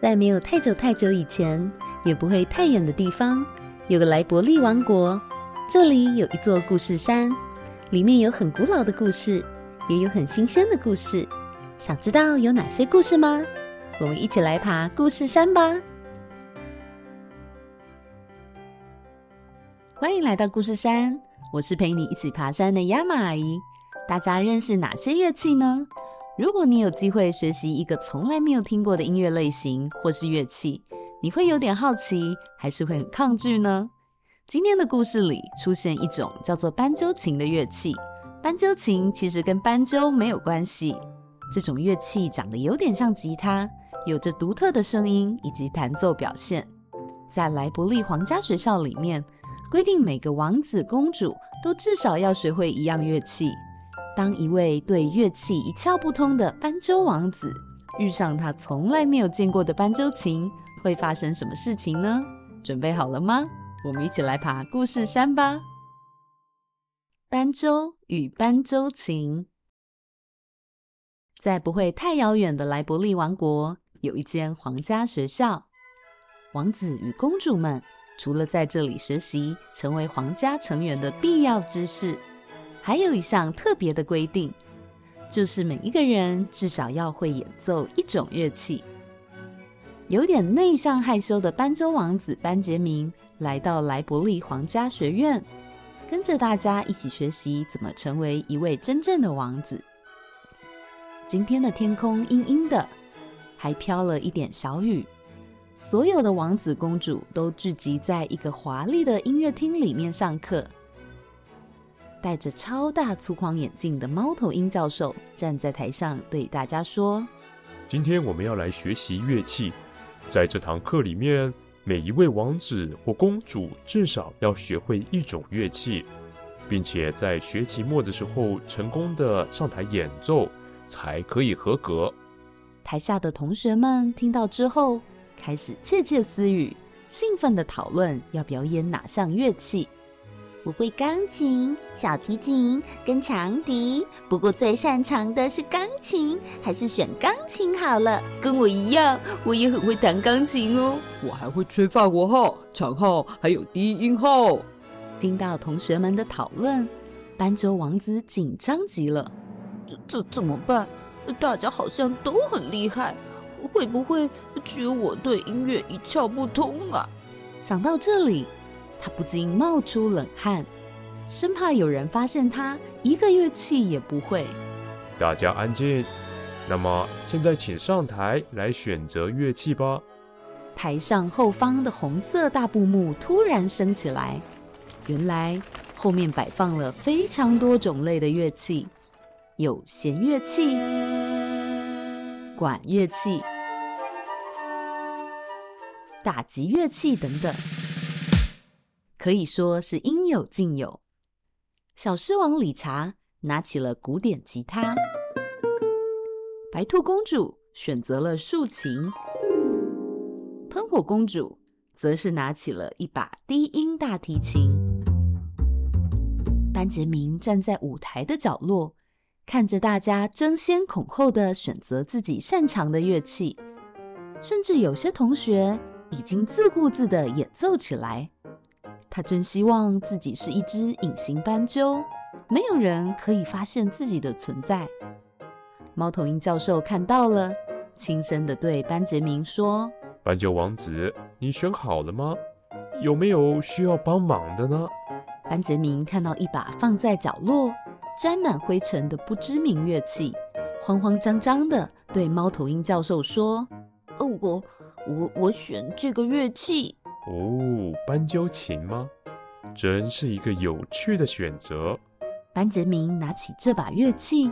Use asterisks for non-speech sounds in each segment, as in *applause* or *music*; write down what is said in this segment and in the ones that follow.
在沒有太久太久以前，也不會太遠的地方，有個萊伯利王國。這裡有一座故事山，裡面有很古老的故事，也有很新鮮的故事。想知道有哪些故事嗎？我們一起來爬故事山吧！歡迎來到故事山，我是陪你一起爬山的 Yama 阿姨。大家認識哪些樂器呢？如果你有機會學習一個從來沒有聽過的音樂類型或是樂器，你會有點好奇，還是會很抗拒呢？今天的故事裡出現一種叫做斑鳩琴的樂器。斑鳩琴其實跟斑鳩沒有關係。這種樂器長得有點像吉他，有着獨特的聲音以及彈奏表現。在萊伯利皇家學校裡面，規定每個王子公主都至少要學會一樣樂器。當一位對樂器一竅不通的斑鳩王子遇上他從來沒有見過的斑鳩琴，會發生什麼事情呢？準備好了嗎？我們一起來爬故事山吧！斑鳩與斑鳩琴，在不會太遙遠的萊伯利王國，有一間皇家學校。王子與公主們除了在這裡學習成為皇家成員的必要知識。還有一項特別的規定，就是每一個人至少要會演奏一種樂器。有點內向害羞的斑鳩王子班傑明來到萊伯利皇家學院，跟着大家一起學習怎麼成為一位真正的王子。今天的天空陰陰的，還飄了一點小雨。所有的王子公主都聚集在一個華麗的音樂廳裡面上課。戴着超大粗框眼鏡的貓頭鷹教授站在台上，對大家說：“今天我們要來學習樂器。在這堂課裡面，每一位王子或公主至少要學會一種樂器，並且在學期末的時候成功的上台演奏才可以合格。”台下的同學們聽到之後，開始竊竊私語，興奮的討論要表演哪項樂器。我會鋼琴、小提琴跟長笛，不過最擅長的是鋼琴，還是選鋼琴好了。跟我一樣，我也很會彈鋼琴哦。我還會吹法國號、長號還有低音號。聽到同學們的討論，斑鳩王子緊張極了。這這怎麼辦？大家好像都很厲害，會不會只有我對音樂一竅不通啊？想到這裡。他不禁冒出冷汗，生怕有人發現他一個樂器也不會。大家安靜。那麼現在，請上台來選擇樂器吧。台上後方的紅色大布幕突然升起來，原來後面擺放了非常多種類的樂器，有弦樂器、管樂器、打擊樂器等等。可以說是應有盡有。小獅王理查拿起了古典吉他，白兔公主選擇了豎琴，噴火公主則是拿起了一把低音大提琴。班傑明站在舞台的角落，看着大家爭先恐後的選擇自己擅長的樂器，甚至有些同學已經自顧自的演奏起來。他真希望自己是一隻隱形斑鳩，沒有人可以發現自己的存在。貓頭鷹教授看到了，輕聲地對班傑明說：“斑鳩王子，你選好了嗎？有沒有需要幫忙的呢？”班傑明看到一把放在角落、沾滿灰塵的不知名樂器，慌慌張張地對貓頭鷹教授說：“呃，我我我選這個樂器。”哦，斑鳩琴嗎？真是一個有趣的選擇。班傑明拿起這把樂器，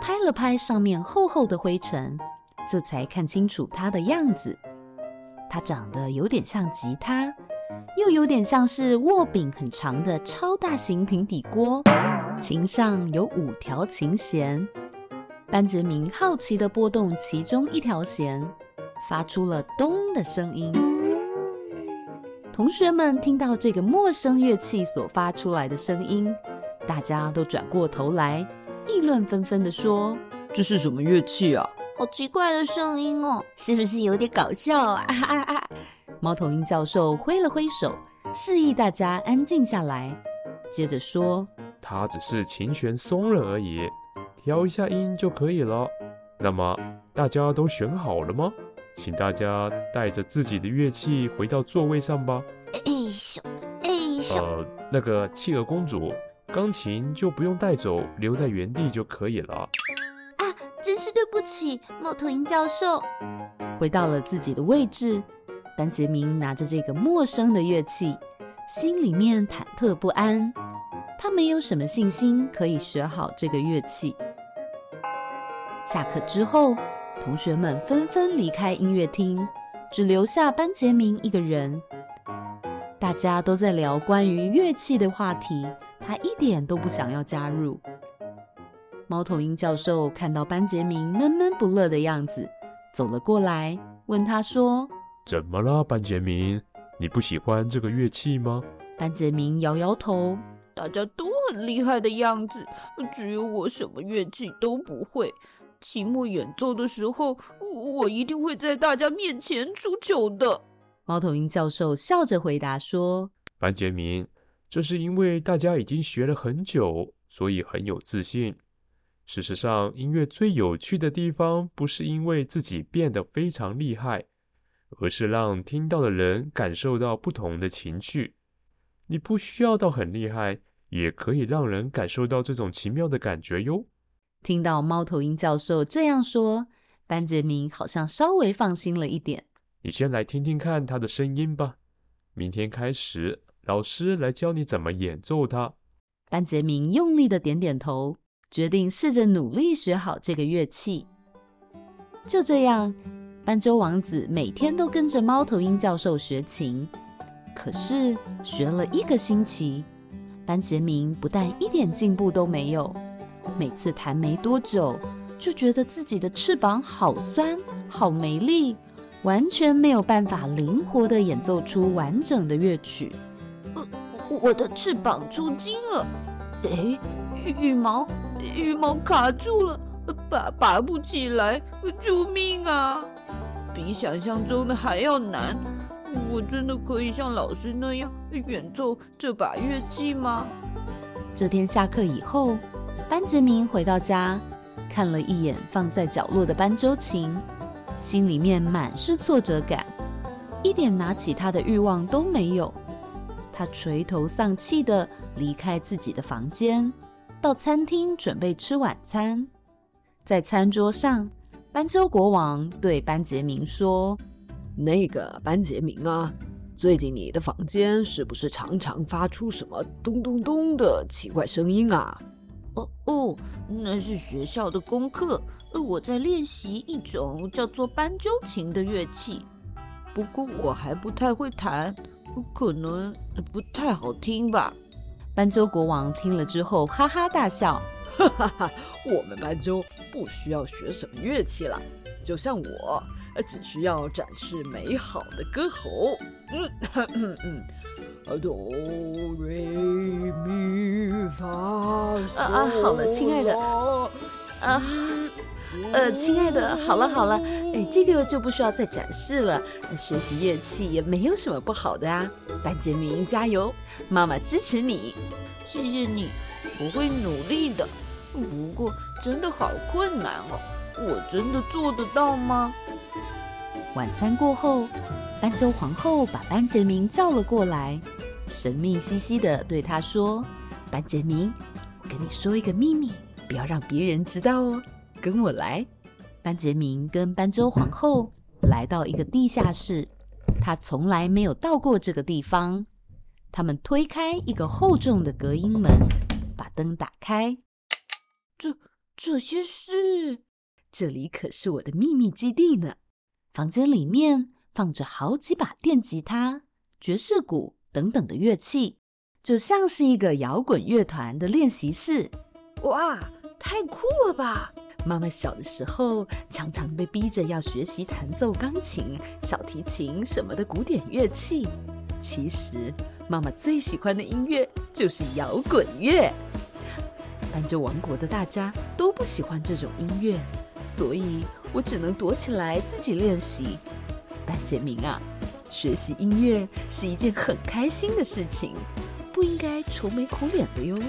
拍了拍上面厚厚的灰塵，這才看清楚它的樣子。它長得有點像吉他，又有點像是握柄很長的超大型平底鍋，琴上有五條琴弦。班傑明好奇地撥動其中一條弦，發出了“咚”的聲音。同學們聽到這個陌生樂器所發出來的聲音，大家都轉過頭來，議論紛紛地說：“這是什麼樂器啊？好奇怪的聲音哦，是不是有點搞笑啊？” *laughs* 貓頭鷹教授揮了揮手，示意大家安靜下來，接着說：“它只是琴弦鬆了而已，調一下音就可以了。那麼，大家都選好了嗎？”請大家帶着自己的樂器回到座位上吧。哎、欸，咻，哎咻，呃，那個企鵝公主，鋼琴就不用帶走，留在原地就可以了。啊，真是對不起，貓頭鷹教授。回到了自己的位置，班傑明拿着這個陌生的樂器，心裡面忐忑不安。他沒有什麼信心可以學好這個樂器。下課之後，同學們紛紛離開音樂廳，只留下班傑明一個人。大家都在聊關於樂器的話題，他一點都不想要加入。貓頭鷹教授看到班傑明悶悶不樂的樣子，走了過來，問他說：“怎麼了，班傑明？你不喜歡這個樂器嗎？”班傑明搖搖頭：“大家都很厲害的樣子，只有我什麼樂器都不會。”期末演奏的時候，我，我一定會在大家面前出糗的。”貓頭鷹教授笑着回答說：“班傑明，這是因為大家已經學了很久，所以很有自信。事實上，音樂最有趣的地方，不是因為自己變得非常厲害，而是讓聽到的人感受到不同的情緒。你不需要到很厲害，也可以讓人感受到這種奇妙的感覺喲。”聽到貓頭鷹教授這樣說，班傑明好像稍微放心了一點。你先來聽聽看他的聲音吧。明天開始，老師來教你怎麼演奏它。班傑明用力的點點頭，決定試着努力學好這個樂器。就這樣，斑鳩王子每天都跟着貓頭鷹教授學琴。可是，學了一個星期，班傑明不但一點進步都沒有。每次彈沒多久，就覺得自己的翅膀好酸、好沒力，完全沒有辦法靈活的演奏出完整的樂曲。呃，我的翅膀出筋了，哎，羽毛羽毛卡住了，拔拔不起來，救命啊！比想象中的還要難，我真的可以像老師那樣演奏這把樂器嗎？這天下課以後，班傑明回到家，看了一眼放在角落的斑鳩琴，心裡面滿是挫折感，一點拿起它的慾望都沒有。他垂頭喪氣地離開自己的房間，到餐廳準備吃晚餐。在餐桌上，斑鳩國王對班傑明說：“那個班傑明啊，最近你的房間是不是常常發出什麼咚咚咚的奇怪聲音啊？”哦哦，那是學校的功課，我在練習一種叫做斑鳩琴的樂器，不過我還不太會彈，可能不太好聽吧。斑鳩國王聽了之後哈哈大笑，哈哈哈，我們斑鳩不需要學什麼樂器了，就像我，呃，只需要展示美好的歌喉。嗯嗯。 *coughs* So、啊，哆瑞咪發嗦。啊啊，好了，親愛的，啊，呃、啊啊，親愛的，好了好了，哎，這個就不需要再展示了。學習樂器也沒有什麼不好的啊，班傑明加油，媽媽支持你。謝謝你，我會努力的。不過真的好困難哦，我真的做得到嗎？晚餐過後，斑鳩皇后把班傑明叫了過來。神秘兮兮的對他說：“班傑明，我跟你說一個祕密，不要讓別人知道哦。跟我來。”班傑明跟斑鳩皇後來到一個地下室，他從來沒有到過這個地方。他們推開一個厚重的隔音門，把燈打開。這，這些是……這裡可是我的祕密基地呢。房間裡面放着好幾把電吉他、爵士鼓。等等的樂器，就像是一個搖滾樂團的練習室，哇，太酷了吧！媽媽小的時候常常被逼着要學習彈奏鋼琴、小提琴什麼的古典樂器。其實媽媽最喜歡的音樂就是搖滾樂，但這王國的大家都不喜歡這種音樂，所以我只能躲起來自己練習。班杰明啊！學習音樂是一件很開心的事情，不應該愁眉苦臉的喲。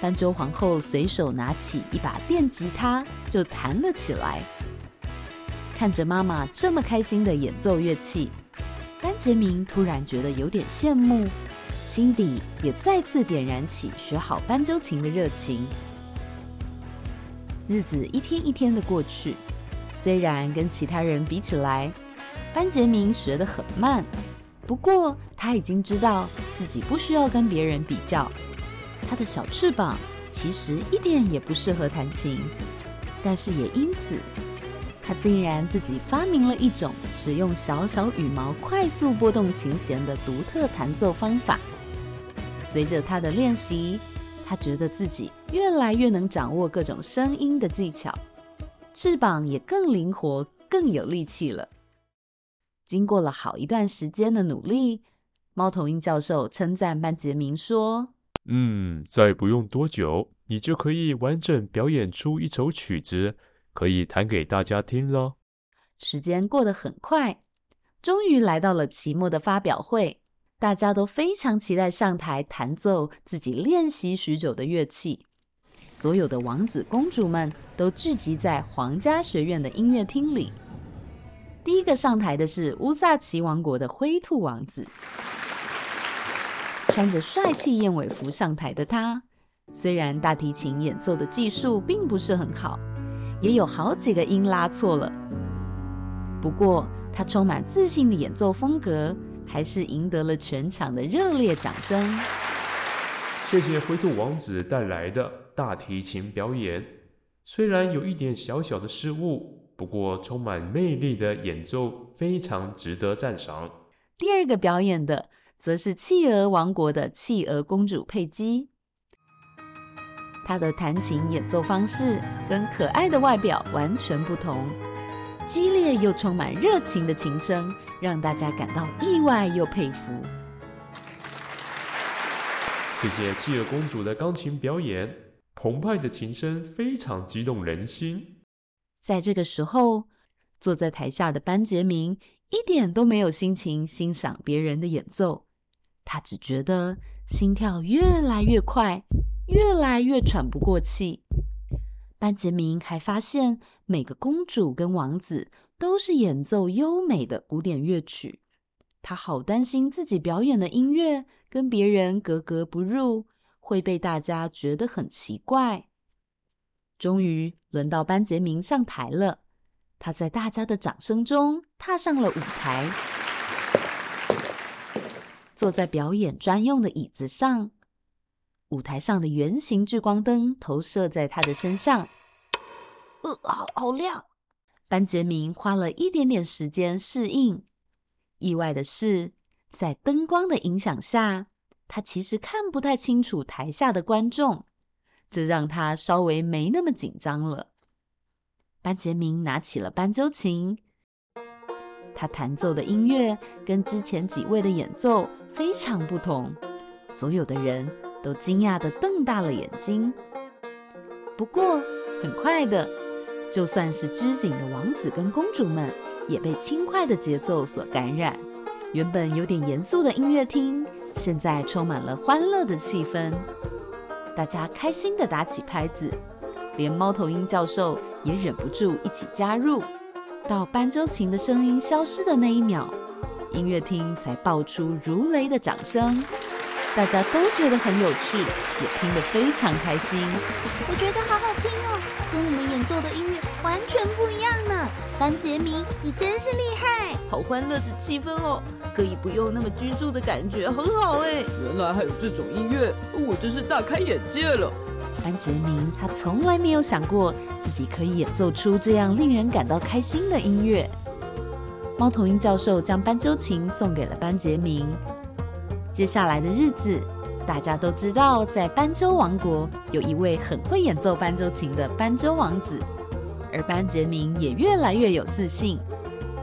斑鳩皇后隨手拿起一把電吉他就彈了起來，看着媽媽這麼開心的演奏樂器，班杰明突然覺得有點羨慕，心底也再次點燃起學好斑鳩琴的熱情。日子一天一天的過去，雖然跟其他人比起來，班傑明學得很慢，不過他已經知道自己不需要跟別人比較。他的小翅膀其實一點也不適合彈琴，但是也因此，他竟然自己發明了一種使用小小羽毛快速撥動琴弦的獨特彈奏方法。隨着他的練習，他覺得自己越來越能掌握各種聲音的技巧，翅膀也更靈活、更有力氣了。經過了好一段時間的努力，貓頭鷹教授稱讚班傑明說：“嗯，再不用多久，你就可以完整表演出一首曲子，可以彈給大家聽咯。”時間過得很快，終於來到了期末的發表會，大家都非常期待上台彈奏自己練習許久的樂器。所有的王子公主們都聚集在皇家學院的音樂廳裡。第一個上台的是烏薩奇王國的灰兔王子，穿着帥氣燕尾服上台的他，雖然大提琴演奏的技術並不是很好，也有好幾個音拉錯了，不過他充滿自信的演奏風格還是贏得了全場的熱烈掌聲。謝謝灰兔王子帶來的大提琴表演，雖然有一點小小的失誤。不過，充滿魅力的演奏非常值得讚賞。第二個表演的則是企鵝王國的企鵝公主佩姬，她的彈琴演奏方式跟可愛的外表完全不同，激烈又充滿熱情的琴聲讓大家感到意外又佩服。謝謝企鵝公主的鋼琴表演，澎湃的琴聲非常激動人心。在這個時候，坐在台下的班傑明一點都沒有心情欣賞別人的演奏，他只覺得心跳越來越快，越來越喘不過氣。班傑明還發現，每個公主跟王子都是演奏優美的古典樂曲，他好擔心自己表演的音樂跟別人格格不入，會被大家覺得很奇怪。終於。輪到班傑明上台了，他在大家的掌聲中踏上了舞臺，坐在表演專用的椅子上。舞臺上的圓形聚光燈投射在他的身上，呃，好好亮！班傑明花了一點點時間適應。意外的是，在燈光的影響下，他其實看不太清楚台下的觀眾。這讓他稍微沒那麼緊張了。班傑明拿起了斑鳩琴，他彈奏的音樂跟之前幾位的演奏非常不同，所有的人都驚訝地瞪大了眼睛。不過很快的，就算是拘謹的王子跟公主們，也被輕快的節奏所感染。原本有點嚴肅的音樂廳，現在充滿了歡樂的氣氛。大家開心地打起拍子，連貓頭鷹教授也忍不住一起加入。到斑鳩琴的聲音消失的那一秒，音樂廳才爆出如雷的掌聲。大家都覺得很有趣，也聽得非常開心。我覺得好好聽哦，跟我們演奏的音樂完全不一樣。班傑明，你真是厲害！好歡樂的氣氛哦，可以不用那麼拘束的感覺，很好誒。原來還有這種音樂，我真是大開眼界了。班傑明，他從來沒有想過自己可以演奏出這樣令人感到開心的音樂。貓頭鷹教授將斑鳩琴送給了班傑明。接下來的日子，大家都知道，在斑鳩王國有一位很會演奏斑鳩琴的斑鳩王子。而班傑明也越來越有自信，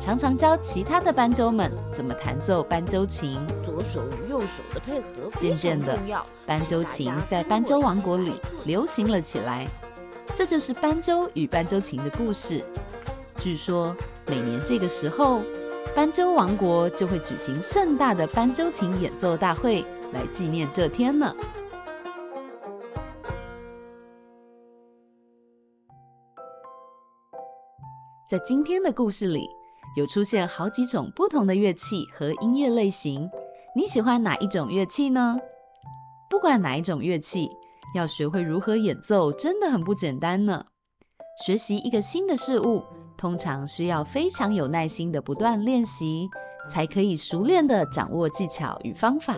常常教其他的斑鳩們怎麼彈奏斑鳩琴，左手與右手的配合非常重要。漸漸的，斑鳩琴在斑鳩王國裡流行了起來。這就是斑鳩與斑鳩琴的故事。嗯，據說每年這個時候，斑鳩王國就會舉行盛大的斑鳩琴演奏大會，來紀念這天呢。在今天的故事裡，有出現好幾種不同的樂器和音樂類型。你喜歡哪一種樂器呢？不管哪一種樂器，要學會如何演奏，真的很不簡單呢。學習一個新的事物，通常需要非常有耐心的不斷練習，才可以熟練的掌握技巧與方法。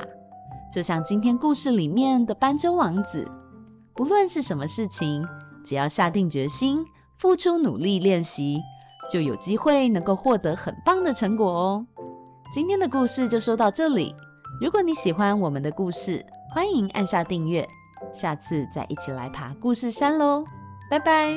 就像今天故事裡面的斑鳩王子，不論是什麼事情，只要下定決心，付出努力練習。就有機會能夠獲得很棒的成果哦。今天的故事就說到這裡，如果你喜歡我們的故事，歡迎按下訂閱。下次再一起來爬故事山嘍，拜拜。